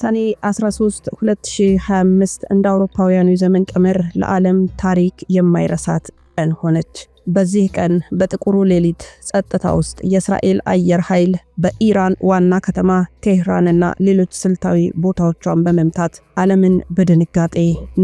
ሰኔ 13 2025 እንደ አውሮፓውያኑ የዘመን ቀመር ለዓለም ታሪክ የማይረሳት ቀን ሆነች። በዚህ ቀን በጥቁሩ ሌሊት ጸጥታ ውስጥ የእስራኤል አየር ኃይል በኢራን ዋና ከተማ ቴህራንና ሌሎች ስልታዊ ቦታዎቿን በመምታት ዓለምን በድንጋጤ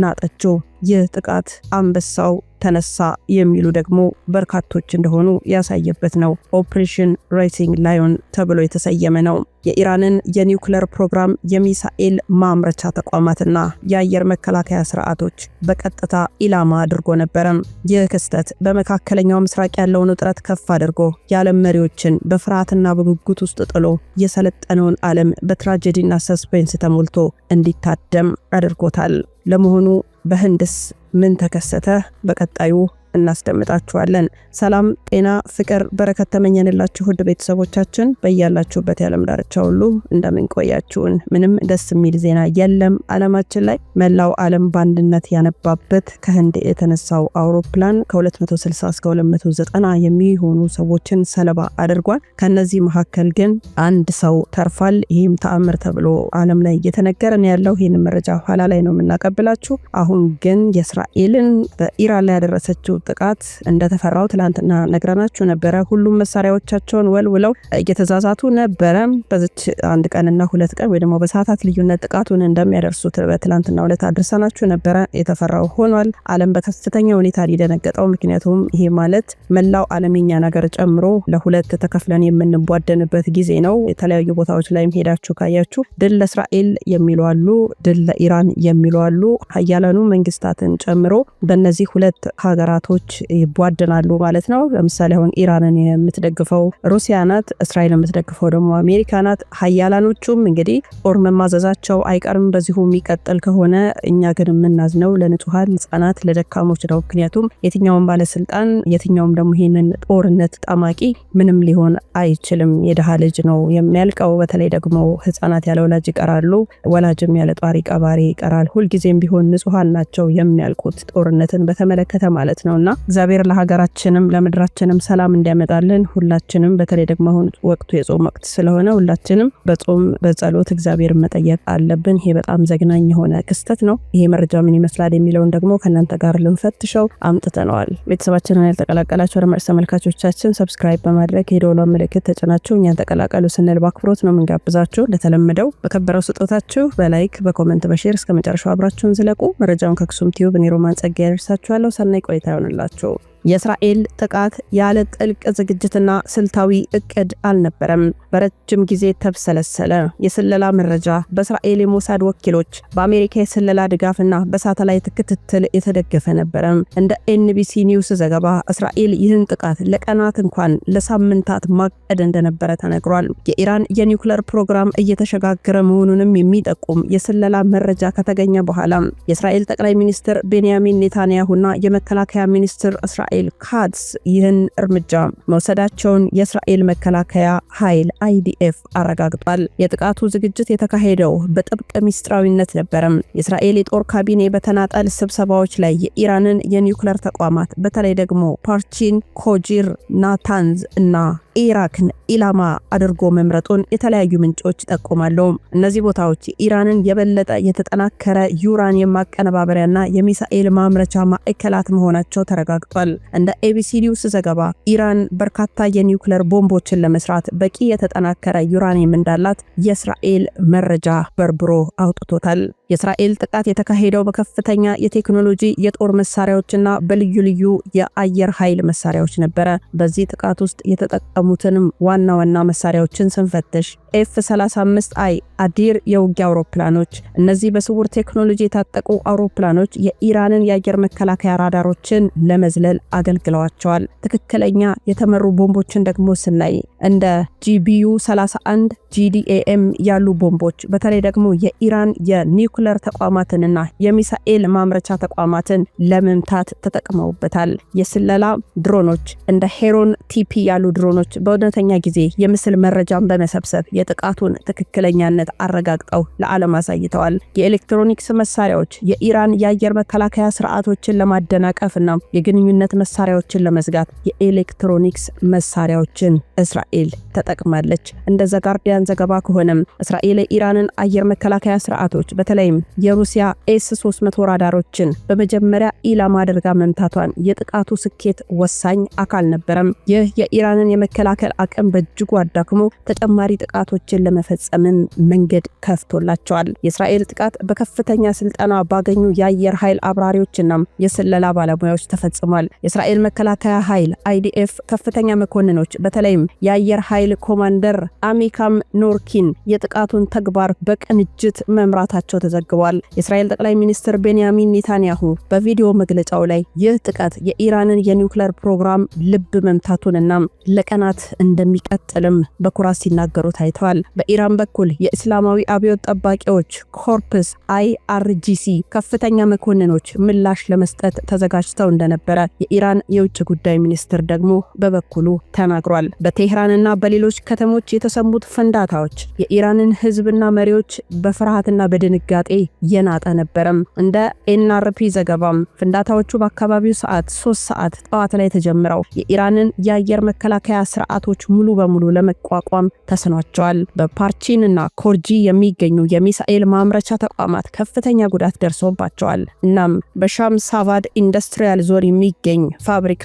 ናጠችው። ይህ ጥቃት አንበሳው ተነሳ የሚሉ ደግሞ በርካቶች እንደሆኑ ያሳየበት ነው። ኦፕሬሽን ራይቲንግ ላዮን ተብሎ የተሰየመ ነው። የኢራንን የኒውክለር ፕሮግራም፣ የሚሳኤል ማምረቻ ተቋማትና የአየር መከላከያ ስርዓቶች በቀጥታ ኢላማ አድርጎ ነበረም። ይህ ክስተት በመካከለኛው ምስራቅ ያለውን ውጥረት ከፍ አድርጎ የዓለም መሪዎችን በፍርሃትና በጉጉት ውስጥ ጥሎ የሰለጠነውን ዓለም በትራጀዲና ሰስፔንስ ተሞልቶ እንዲታደም አድርጎታል። ለመሆኑ በህንድስ ምን ተከሰተ? በቀጣዩ እናስደምጣችኋለን። ሰላም፣ ጤና፣ ፍቅር፣ በረከት ተመኘንላችሁ ውድ ቤተሰቦቻችን በያላችሁበት የዓለም ዳርቻ ሁሉ እንደምንቆያችሁን። ምንም ደስ የሚል ዜና የለም አለማችን ላይ መላው ዓለም በአንድነት ያነባበት ከህንድ የተነሳው አውሮፕላን ከ260 እስከ 290 የሚሆኑ ሰዎችን ሰለባ አድርጓል። ከነዚህ መካከል ግን አንድ ሰው ተርፏል። ይህም ተአምር ተብሎ ዓለም ላይ እየተነገረን ያለው ይህን መረጃ ኋላ ላይ ነው የምናቀብላችሁ። አሁን ግን የእስራኤልን በኢራን ላይ ያደረሰችው ጥቃት እንደተፈራው ትላንትና ነግረናችሁ ነበረ። ሁሉም መሳሪያዎቻቸውን ወልውለው እየተዛዛቱ ነበረ። በዚች አንድ ቀንና ሁለት ቀን ወይ ደግሞ በሰዓታት ልዩነት ጥቃቱን እንደሚያደርሱ በትላንትና ሁለት አድርሰናችሁ ነበረ። የተፈራው ሆኗል። ዓለም በከፍተኛ ሁኔታ ሊደነገጠው፣ ምክንያቱም ይሄ ማለት መላው ዓለም ነገር ጨምሮ ለሁለት ተከፍለን የምንቧደንበት ጊዜ ነው። የተለያዩ ቦታዎች ላይም ሄዳችሁ ካያችሁ ድል ለእስራኤል የሚሉ አሉ፣ ድል ለኢራን የሚሉ አሉ። ሀያላኑ መንግስታትን ጨምሮ በእነዚህ ሁለት ሀገራቶ ግጭቶች ይቧደናሉ ማለት ነው። ለምሳሌ አሁን ኢራንን የምትደግፈው ሩሲያ ናት፣ እስራኤል የምትደግፈው ደግሞ አሜሪካ ናት። ሀያላኖቹም እንግዲህ ጦር መማዘዛቸው አይቀርም። በዚሁ የሚቀጥል ከሆነ እኛ ግን የምናዝነው ለንጹሀን ህጻናት፣ ለደካሞች ነው። ምክንያቱም የትኛውም ባለስልጣን የትኛውም ደግሞ ይህንን ጦርነት ጣማቂ ምንም ሊሆን አይችልም። የድሃ ልጅ ነው የሚያልቀው። በተለይ ደግሞ ህጻናት ያለ ወላጅ ይቀራሉ፣ ወላጅም ያለ ጧሪ ቀባሪ ይቀራል። ሁልጊዜም ቢሆን ንጹሀን ናቸው የሚያልቁት ጦርነትን በተመለከተ ማለት ነው። ነውና እግዚአብሔር ለሀገራችንም ለምድራችንም ሰላም እንዲያመጣልን ሁላችንም በተለይ ደግሞ አሁን ወቅቱ የጾም ወቅት ስለሆነ ሁላችንም በጾም በጸሎት እግዚአብሔር መጠየቅ አለብን። ይሄ በጣም ዘግናኝ የሆነ ክስተት ነው። ይሄ መረጃ ምን ይመስላል የሚለውን ደግሞ ከእናንተ ጋር ልንፈትሸው አምጥተነዋል። ቤተሰባችንን ያልተቀላቀላቸው አድማጭ ተመልካቾቻችን ሰብስክራይብ በማድረግ የደወሏን ምልክት ተጭናችሁ እኛን ተቀላቀሉ ስንል በአክብሮት ነው የምንጋብዛችሁ። እንደተለመደው በከበረው ስጦታችሁ በላይክ በኮመንት በሼር እስከ መጨረሻው አብራችሁን ዝለቁ። መረጃውን ከክሱም ቲዩብ እኔ ሮማን ጸጋ ያደርሳችኋለሁ። ሰናይ ቆይታ ይሆንላቸው። የእስራኤል ጥቃት ያለ ጥልቅ ዝግጅትና ስልታዊ እቅድ አልነበረም፤ በረጅም ጊዜ ተብሰለሰለ። የስለላ መረጃ በእስራኤል የሞሳድ ወኪሎች፣ በአሜሪካ የስለላ ድጋፍና በሳተላይት ክትትል የተደገፈ ነበረ። እንደ ኤንቢሲ ኒውስ ዘገባ እስራኤል ይህን ጥቃት ለቀናት እንኳን ለሳምንታት ማቀድ እንደነበረ ተነግሯል። የኢራን የኒውክለር ፕሮግራም እየተሸጋገረ መሆኑንም የሚጠቁም የስለላ መረጃ ከተገኘ በኋላ የእስራኤል ጠቅላይ ሚኒስትር ቤንያሚን ኔታንያሁና የመከላከያ ሚኒስትር እስራኤል እስራኤል ካትስ ይህን እርምጃ መውሰዳቸውን የእስራኤል መከላከያ ኃይል አይዲኤፍ አረጋግጧል። የጥቃቱ ዝግጅት የተካሄደው በጥብቅ ሚስጥራዊነት ነበረም። የእስራኤል የጦር ካቢኔ በተናጠል ስብሰባዎች ላይ የኢራንን የኒውክለር ተቋማት በተለይ ደግሞ ፓርቺን፣ ኮጂር፣ ናታንዝ እና ኢራክን ኢላማ አድርጎ መምረጡን የተለያዩ ምንጮች ይጠቁማሉ። እነዚህ ቦታዎች ኢራንን የበለጠ የተጠናከረ ዩራኒየም ማቀነባበሪያና የሚሳኤል ማምረቻ ማዕከላት መሆናቸው ተረጋግጧል። እንደ ኤቢሲ ኒውስ ዘገባ ኢራን በርካታ የኒውክለር ቦምቦችን ለመስራት በቂ የተጠናከረ ዩራኒየም እንዳላት የእስራኤል መረጃ በርብሮ አውጥቶታል። የእስራኤል ጥቃት የተካሄደው በከፍተኛ የቴክኖሎጂ የጦር መሳሪያዎችና በልዩ ልዩ የአየር ኃይል መሳሪያዎች ነበረ። በዚህ ጥቃት ውስጥ የተጠቀሙትንም ዋና ዋና መሳሪያዎችን ስንፈትሽ ኤፍ 35 አይ አዲር የውጊያ አውሮፕላኖች። እነዚህ በስውር ቴክኖሎጂ የታጠቁ አውሮፕላኖች የኢራንን የአየር መከላከያ ራዳሮችን ለመዝለል አገልግለዋቸዋል። ትክክለኛ የተመሩ ቦምቦችን ደግሞ ስናይ እንደ ጂቢዩ 31 ጂዲኤኤም ያሉ ቦምቦች በተለይ ደግሞ የኢራን የኒ የኒኩለር ተቋማትንና የሚሳኤል ማምረቻ ተቋማትን ለመምታት ተጠቅመውበታል። የስለላ ድሮኖች እንደ ሄሮን ቲፒ ያሉ ድሮኖች በእውነተኛ ጊዜ የምስል መረጃን በመሰብሰብ የጥቃቱን ትክክለኛነት አረጋግጠው ለዓለም አሳይተዋል። የኤሌክትሮኒክስ መሳሪያዎች የኢራን የአየር መከላከያ ስርዓቶችን ለማደናቀፍና የግንኙነት መሳሪያዎችን ለመዝጋት የኤሌክትሮኒክስ መሳሪያዎችን እስራኤል ተጠቅማለች። እንደ ዘጋርዲያን ዘገባ ከሆነም እስራኤል የኢራንን አየር መከላከያ ስርዓቶች በተለይ በተለይም የሩሲያ ኤስ 300 ራዳሮችን በመጀመሪያ ኢላማ አድርጋ መምታቷን የጥቃቱ ስኬት ወሳኝ አካል ነበረም። ይህ የኢራንን የመከላከል አቅም በእጅጉ አዳክሞ ተጨማሪ ጥቃቶችን ለመፈጸምን መንገድ ከፍቶላቸዋል። የእስራኤል ጥቃት በከፍተኛ ስልጠና ባገኙ የአየር ኃይል አብራሪዎችና የስለላ ባለሙያዎች ተፈጽሟል። የእስራኤል መከላከያ ኃይል አይዲኤፍ ከፍተኛ መኮንኖች በተለይም የአየር ኃይል ኮማንደር አሚካም ኖርኪን የጥቃቱን ተግባር በቅንጅት መምራታቸው ተዘ ተዘግቧል። የእስራኤል ጠቅላይ ሚኒስትር ቤንያሚን ኔታንያሁ በቪዲዮ መግለጫው ላይ ይህ ጥቃት የኢራንን የኒውክለር ፕሮግራም ልብ መምታቱንና ለቀናት እንደሚቀጥልም በኩራት ሲናገሩ ታይተዋል። በኢራን በኩል የእስላማዊ አብዮት ጠባቂዎች ኮርፕስ አይአርጂሲ ከፍተኛ መኮንኖች ምላሽ ለመስጠት ተዘጋጅተው እንደነበረ የኢራን የውጭ ጉዳይ ሚኒስትር ደግሞ በበኩሉ ተናግሯል። በቴህራንና በሌሎች ከተሞች የተሰሙት ፍንዳታዎች የኢራንን ሕዝብና መሪዎች በፍርሃትና በድንጋ ድንጋጤ የናጠ ነበረም። እንደ ኤንአርፒ ዘገባም ፍንዳታዎቹ በአካባቢው ሰዓት ሶስት ሰዓት ጠዋት ላይ ተጀምረው የኢራንን የአየር መከላከያ ስርዓቶች ሙሉ በሙሉ ለመቋቋም ተስኗቸዋል። በፓርቺን እና ኮርጂ የሚገኙ የሚሳኤል ማምረቻ ተቋማት ከፍተኛ ጉዳት ደርሶባቸዋል። እናም በሻም ሳቫድ ኢንዱስትሪያል ዞን የሚገኝ ፋብሪካ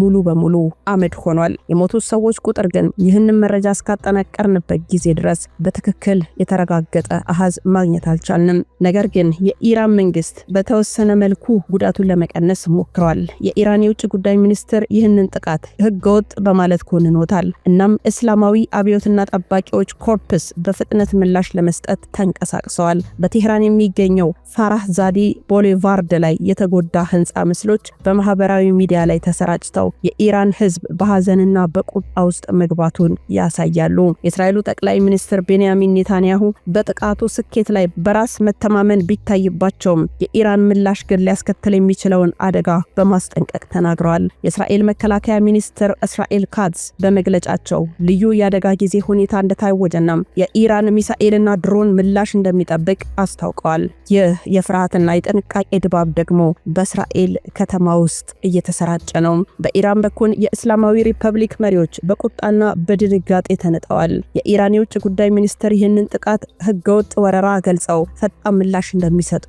ሙሉ በሙሉ አመድ ሆኗል። የሞቱት ሰዎች ቁጥር ግን ይህንን መረጃ እስካጠናቀርንበት ጊዜ ድረስ በትክክል የተረጋገጠ አሃዝ ማግኘት አልቻልንም። ቢሆንም ነገር ግን የኢራን መንግስት በተወሰነ መልኩ ጉዳቱን ለመቀነስ ሞክሯል። የኢራን የውጭ ጉዳይ ሚኒስትር ይህንን ጥቃት ህገወጥ በማለት ኮንኖታል። እናም እስላማዊ አብዮትና ጠባቂዎች ኮርፕስ በፍጥነት ምላሽ ለመስጠት ተንቀሳቅሰዋል። በቴህራን የሚገኘው ፋራህ ዛዲ ቦሌቫርድ ላይ የተጎዳ ህንፃ ምስሎች በማህበራዊ ሚዲያ ላይ ተሰራጭተው የኢራን ህዝብ በሀዘንና በቁጣ ውስጥ መግባቱን ያሳያሉ። የእስራኤሉ ጠቅላይ ሚኒስትር ቤንያሚን ኔታንያሁ በጥቃቱ ስኬት ላይ በራስ መተማመን ቢታይባቸውም የኢራን ምላሽ ግን ሊያስከትል የሚችለውን አደጋ በማስጠንቀቅ ተናግረዋል። የእስራኤል መከላከያ ሚኒስትር እስራኤል ካትዝ በመግለጫቸው ልዩ የአደጋ ጊዜ ሁኔታ እንደታወጀና የኢራን ሚሳኤልና ድሮን ምላሽ እንደሚጠብቅ አስታውቀዋል። ይህ የፍርሃትና የጥንቃቄ ድባብ ደግሞ በእስራኤል ከተማ ውስጥ እየተሰራጨ ነው። በኢራን በኩል የእስላማዊ ሪፐብሊክ መሪዎች በቁጣና በድንጋጤ ተነጠዋል። የኢራን የውጭ ጉዳይ ሚኒስትር ይህንን ጥቃት ህገወጥ ወረራ ገልጸው ፈጣን ምላሽ እንደሚሰጡ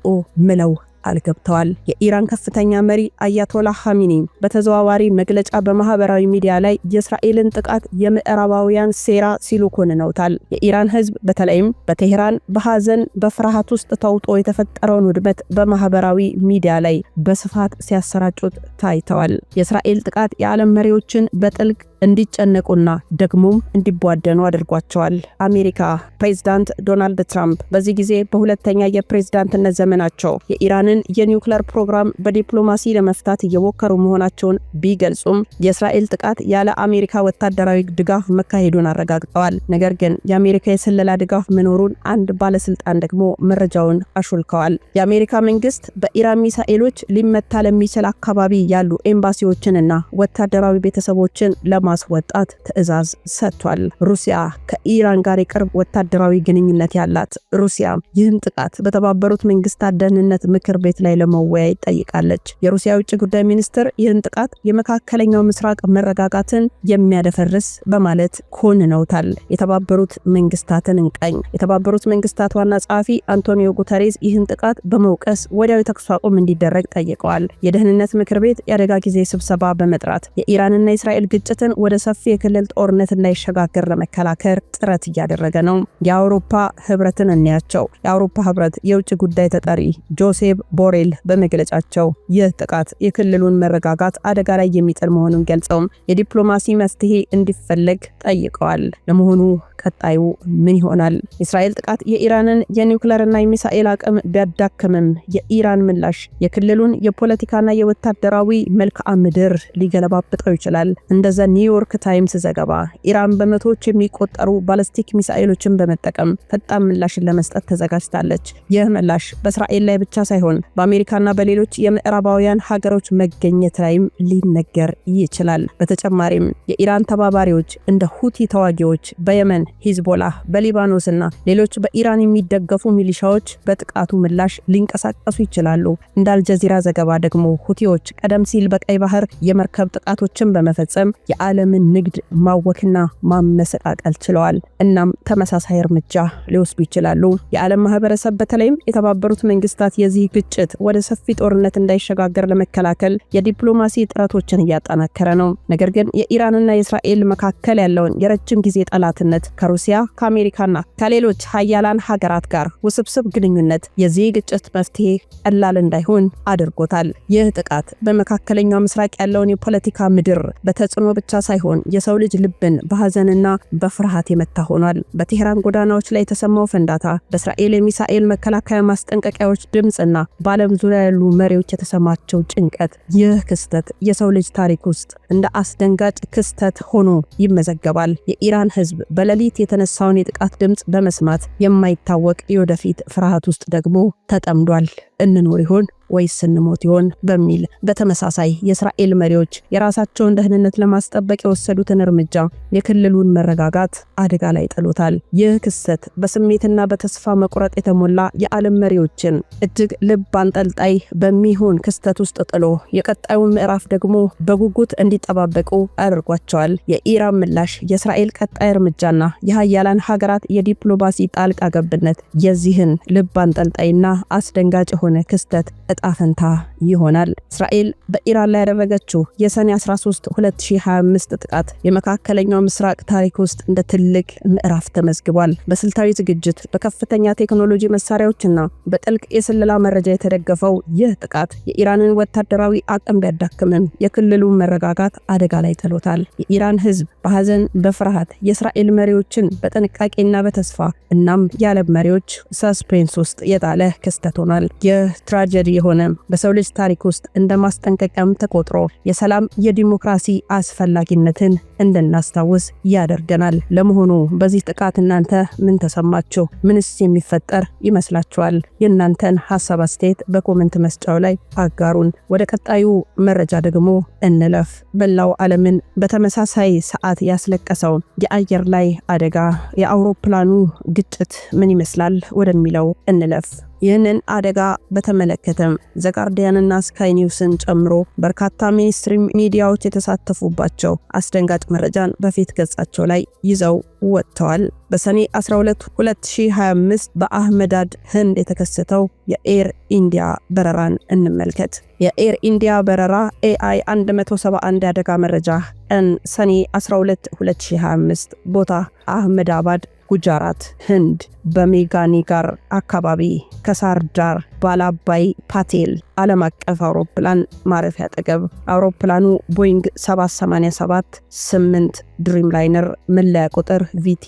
ምለው ቃል ገብተዋል። የኢራን ከፍተኛ መሪ አያቶላህ ሐሚኒ በተዘዋዋሪ መግለጫ በማህበራዊ ሚዲያ ላይ የእስራኤልን ጥቃት የምዕራባውያን ሴራ ሲሉ ኮንነውታል። የኢራን ሕዝብ በተለይም በቴህራን በሐዘን በፍርሃት ውስጥ ተውጦ የተፈጠረውን ውድመት በማህበራዊ ሚዲያ ላይ በስፋት ሲያሰራጩት ታይተዋል። የእስራኤል ጥቃት የዓለም መሪዎችን በጥልቅ እንዲጨነቁና ደግሞም እንዲቧደኑ አድርጓቸዋል። አሜሪካ ፕሬዚዳንት ዶናልድ ትራምፕ በዚህ ጊዜ በሁለተኛ የፕሬዝዳንትነት ዘመናቸው የኢራንን የኒውክለር ፕሮግራም በዲፕሎማሲ ለመፍታት እየሞከሩ መሆናቸውን ቢገልጹም የእስራኤል ጥቃት ያለ አሜሪካ ወታደራዊ ድጋፍ መካሄዱን አረጋግጠዋል። ነገር ግን የአሜሪካ የስለላ ድጋፍ መኖሩን አንድ ባለስልጣን ደግሞ መረጃውን አሹልከዋል። የአሜሪካ መንግስት በኢራን ሚሳኤሎች ሊመታ ለሚችል አካባቢ ያሉ ኤምባሲዎችንና ወታደራዊ ቤተሰቦችን ለ ለማስወጣት ትዕዛዝ ሰጥቷል። ሩሲያ ከኢራን ጋር የቅርብ ወታደራዊ ግንኙነት ያላት ሩሲያ ይህን ጥቃት በተባበሩት መንግስታት ደህንነት ምክር ቤት ላይ ለመወያይ ጠይቃለች። የሩሲያ የውጭ ጉዳይ ሚኒስትር ይህን ጥቃት የመካከለኛው ምስራቅ መረጋጋትን የሚያደፈርስ በማለት ኮንነውታል። የተባበሩት መንግስታትን እንቀኝ። የተባበሩት መንግስታት ዋና ጸሐፊ አንቶኒዮ ጉተሬዝ ይህን ጥቃት በመውቀስ ወዲያው የተኩስ አቁም እንዲደረግ ጠይቀዋል። የደህንነት ምክር ቤት የአደጋ ጊዜ ስብሰባ በመጥራት የኢራንና የእስራኤል ግጭትን ወደ ሰፊ የክልል ጦርነት እንዳይሸጋገር ለመከላከል ጥረት እያደረገ ነው። የአውሮፓ ህብረትን እንያቸው። የአውሮፓ ህብረት የውጭ ጉዳይ ተጠሪ ጆሴፕ ቦሬል በመግለጫቸው ይህ ጥቃት የክልሉን መረጋጋት አደጋ ላይ የሚጥል መሆኑን ገልጸው የዲፕሎማሲ መፍትሄ እንዲፈለግ ጠይቀዋል። ለመሆኑ ቀጣዩ ምን ይሆናል? የእስራኤል ጥቃት የኢራንን የኒውክለርና የሚሳኤል አቅም ቢያዳክምም የኢራን ምላሽ የክልሉን የፖለቲካና የወታደራዊ መልክዓ ምድር ሊገለባብጠው ይችላል። እንደዛ የኒውዮርክ ታይምስ ዘገባ ኢራን በመቶዎች የሚቆጠሩ ባለስቲክ ሚሳኤሎችን በመጠቀም ፈጣን ምላሽን ለመስጠት ተዘጋጅታለች። ይህ ምላሽ በእስራኤል ላይ ብቻ ሳይሆን በአሜሪካና በሌሎች የምዕራባውያን ሀገሮች መገኘት ላይም ሊነገር ይችላል። በተጨማሪም የኢራን ተባባሪዎች እንደ ሁቲ ተዋጊዎች በየመን ሂዝቦላህ፣ በሊባኖስ እና ሌሎች በኢራን የሚደገፉ ሚሊሻዎች በጥቃቱ ምላሽ ሊንቀሳቀሱ ይችላሉ። እንደ አልጀዚራ ዘገባ ደግሞ ሁቲዎች ቀደም ሲል በቀይ ባህር የመርከብ ጥቃቶችን በመፈጸም የአ የዓለምን ንግድ ማወክና ማመሰቃቀል ችለዋል። እናም ተመሳሳይ እርምጃ ሊወስዱ ይችላሉ። የዓለም ማህበረሰብ በተለይም የተባበሩት መንግስታት የዚህ ግጭት ወደ ሰፊ ጦርነት እንዳይሸጋገር ለመከላከል የዲፕሎማሲ ጥረቶችን እያጠናከረ ነው። ነገር ግን የኢራንና የእስራኤል መካከል ያለውን የረጅም ጊዜ ጠላትነት ከሩሲያ ከአሜሪካና ከሌሎች ሀያላን ሀገራት ጋር ውስብስብ ግንኙነት የዚህ ግጭት መፍትሄ ቀላል እንዳይሆን አድርጎታል። ይህ ጥቃት በመካከለኛው ምስራቅ ያለውን የፖለቲካ ምድር በተጽዕኖ ብቻ ሳይሆን የሰው ልጅ ልብን በሐዘንና በፍርሃት የመታ ሆኗል። በቴህራን ጎዳናዎች ላይ የተሰማው ፈንዳታ በእስራኤል የሚሳኤል መከላከያ ማስጠንቀቂያዎች ድምፅና በዓለም ዙሪያ ያሉ መሪዎች የተሰማቸው ጭንቀት፣ ይህ ክስተት የሰው ልጅ ታሪክ ውስጥ እንደ አስደንጋጭ ክስተት ሆኖ ይመዘገባል። የኢራን ህዝብ በሌሊት የተነሳውን የጥቃት ድምፅ በመስማት የማይታወቅ የወደፊት ፍርሃት ውስጥ ደግሞ ተጠምዷል። እንኖር ይሆን? ወይስ እንሞት ይሆን በሚል በተመሳሳይ የእስራኤል መሪዎች የራሳቸውን ደህንነት ለማስጠበቅ የወሰዱትን እርምጃ የክልሉን መረጋጋት አደጋ ላይ ጥሎታል። ይህ ክስተት በስሜትና በተስፋ መቁረጥ የተሞላ የዓለም መሪዎችን እጅግ ልብ አንጠልጣይ በሚሆን ክስተት ውስጥ ጥሎ የቀጣዩን ምዕራፍ ደግሞ በጉጉት እንዲጠባበቁ አድርጓቸዋል። የኢራን ምላሽ፣ የእስራኤል ቀጣይ እርምጃና የሀያላን ሀገራት የዲፕሎማሲ ጣልቃ ገብነት የዚህን ልብ አንጠልጣይና አስደንጋጭ የሆነ ክስተት እጣ ፈንታ ይሆናል። እስራኤል በኢራን ላይ ያደረገችው የሰኔ 13 2025 ጥቃት የመካከለኛው ምስራቅ ታሪክ ውስጥ እንደ ትልቅ ምዕራፍ ተመዝግቧል። በስልታዊ ዝግጅት፣ በከፍተኛ ቴክኖሎጂ መሳሪያዎችና በጥልቅ የስለላ መረጃ የተደገፈው ይህ ጥቃት የኢራንን ወታደራዊ አቅም ቢያዳክምም የክልሉን መረጋጋት አደጋ ላይ ጥሎታል። የኢራን ሕዝብ በሐዘን በፍርሃት የእስራኤል መሪዎችን በጥንቃቄና በተስፋ እናም የዓለም መሪዎች ሰስፔንስ ውስጥ የጣለ ክስተት ሆኗል። ይህ ትራጀዲ እንደሆነ በሰው ልጅ ታሪክ ውስጥ እንደ ማስጠንቀቂያም ተቆጥሮ የሰላም የዲሞክራሲ አስፈላጊነትን እንድናስታውስ ያደርገናል። ለመሆኑ በዚህ ጥቃት እናንተ ምን ተሰማችሁ? ምንስ የሚፈጠር ይመስላችኋል? የእናንተን ሀሳብ አስተያየት በኮመንት መስጫው ላይ አጋሩን። ወደ ቀጣዩ መረጃ ደግሞ እንለፍ። በላው ዓለምን በተመሳሳይ ሰዓት ያስለቀሰው የአየር ላይ አደጋ የአውሮፕላኑ ግጭት ምን ይመስላል ወደሚለው እንለፍ። ይህንን አደጋ በተመለከተም ዘጋርዲያንና ስካይ ኒውስን ጨምሮ በርካታ ሚኒስትሪ ሚዲያዎች የተሳተፉባቸው አስደንጋጭ መረጃን በፊት ገጻቸው ላይ ይዘው ወጥተዋል። በሰኔ 12 2025 በአህመዳድ ህንድ የተከሰተው የኤር ኢንዲያ በረራን እንመልከት። የኤር ኢንዲያ በረራ ኤአይ 171 አደጋ መረጃ ቀን ሰኔ 12 2025 ቦታ አህመዳባድ ጉጃራት፣ ህንድ በሜጋኒጋር አካባቢ ከሳርዳር ባላባይ ፓቴል ዓለም አቀፍ አውሮፕላን ማረፊያ አጠገብ አውሮፕላኑ ቦይንግ 787 8 ድሪም ላይነር መለያ ቁጥር ቪቲ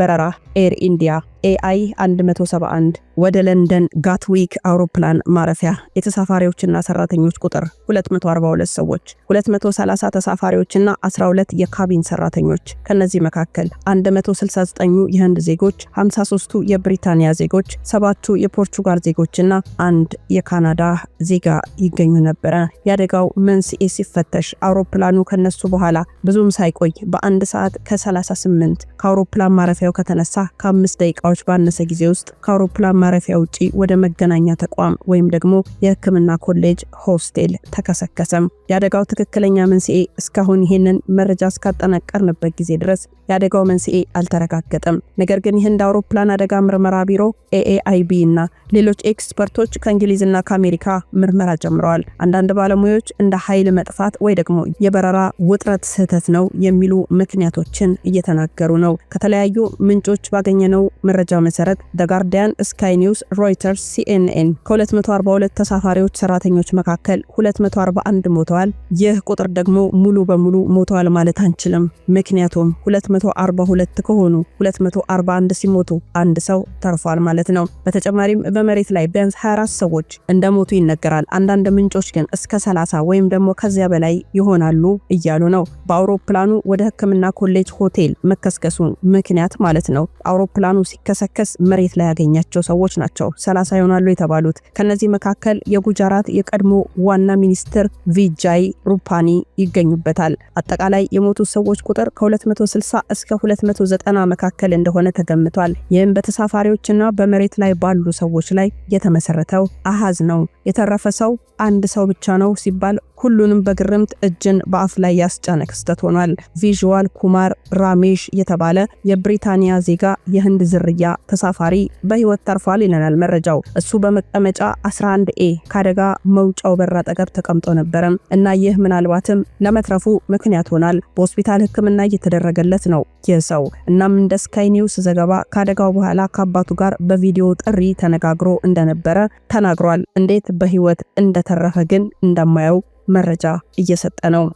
በረራ ኤር ኢንዲያ ኤአይ 171 ወደ ለንደን ጋትዊክ አውሮፕላን ማረፊያ የተሳፋሪዎችና ሰራተኞች ቁጥር 242 ሰዎች፣ 230 ተሳፋሪዎችና 12 የካቢን ሰራተኞች። ከነዚህ መካከል 169ኙ የህንድ ዜጎች፣ 53ቱ የብሪታንያ ዜጎች፣ ሰባቱ የፖርቹጋል ዜጎችና አንድ የካናዳ ዜጋ ይገኙ ነበረ። የአደጋው መንስኤ ሲፈተሽ አውሮፕላኑ ከነሱ በኋላ ብዙም ሳይቆይ በአንድ ሰዓት ከ38 ከአውሮፕላን ማረፊያው ከተነሳ ከአምስት ደቂቃ ደቂቃዎች ባነሰ ጊዜ ውስጥ ከአውሮፕላን ማረፊያ ውጪ ወደ መገናኛ ተቋም ወይም ደግሞ የሕክምና ኮሌጅ ሆስቴል ተከሰከሰም። የአደጋው ትክክለኛ መንስኤ እስካሁን ይህንን መረጃ እስካጠናቀርንበት ጊዜ ድረስ የአደጋው መንስኤ አልተረጋገጠም። ነገር ግን ይህ እንደ አውሮፕላን አደጋ ምርመራ ቢሮ ኤኤአይቢ እና ሌሎች ኤክስፐርቶች ከእንግሊዝና ከአሜሪካ ምርመራ ጀምረዋል። አንዳንድ ባለሙያዎች እንደ ኃይል መጥፋት ወይ ደግሞ የበረራ ውጥረት ስህተት ነው የሚሉ ምክንያቶችን እየተናገሩ ነው። ከተለያዩ ምንጮች ባገኘነው መረጃ መሰረት ዘ ጋርዲያን፣ ስካይ ኒውስ፣ ሮይተርስ፣ ሲኤንኤን ከ242 ተሳፋሪዎች ሰራተኞች መካከል 241 ሞተዋል። ይህ ቁጥር ደግሞ ሙሉ በሙሉ ሞተዋል ማለት አንችልም። ምክንያቱም 242 ከሆኑ 241 ሲሞቱ አንድ ሰው ተርፏል ማለት ነው። በተጨማሪም በመሬት ላይ ቢያንስ 24 ሰዎች እንደሞቱ ይነገራል። አንዳንድ ምንጮች ግን እስከ 30 ወይም ደግሞ ከዚያ በላይ ይሆናሉ እያሉ ነው። በአውሮፕላኑ ወደ ሕክምና ኮሌጅ ሆቴል መከስከሱ ምክንያት ማለት ነው አውሮፕላኑ ሲከ ሲከሰከስ መሬት ላይ ያገኛቸው ሰዎች ናቸው ሰላሳ ይሆናሉ የተባሉት። ከነዚህ መካከል የጉጃራት የቀድሞ ዋና ሚኒስትር ቪጃይ ሩፓኒ ይገኙበታል። አጠቃላይ የሞቱ ሰዎች ቁጥር ከ260 እስከ 290 መካከል እንደሆነ ተገምቷል። ይህም በተሳፋሪዎችና በመሬት ላይ ባሉ ሰዎች ላይ የተመሰረተው አሃዝ ነው። የተረፈ ሰው አንድ ሰው ብቻ ነው ሲባል ሁሉንም በግርምት እጅን በአፍ ላይ ያስጫነ ክስተት ሆኗል። ቪዥዋል ኩማር ራሜሽ የተባለ የብሪታንያ ዜጋ የህንድ ዝርያ ተሳፋሪ በህይወት ተርፏል ይለናል መረጃው። እሱ በመቀመጫ 11 ኤ ከአደጋ መውጫው በር አጠገብ ተቀምጦ ነበረ እና ይህ ምናልባትም ለመትረፉ ምክንያት ሆናል። በሆስፒታል ህክምና እየተደረገለት ነው ይህ ሰው። እናም እንደ ስካይ ኒውስ ዘገባ ከአደጋው በኋላ ከአባቱ ጋር በቪዲዮ ጥሪ ተነጋግሮ እንደነበረ ተናግሯል። እንዴት በህይወት እንደተረፈ ግን እንደማያውቅ መረጃ እየሰጠ ነው።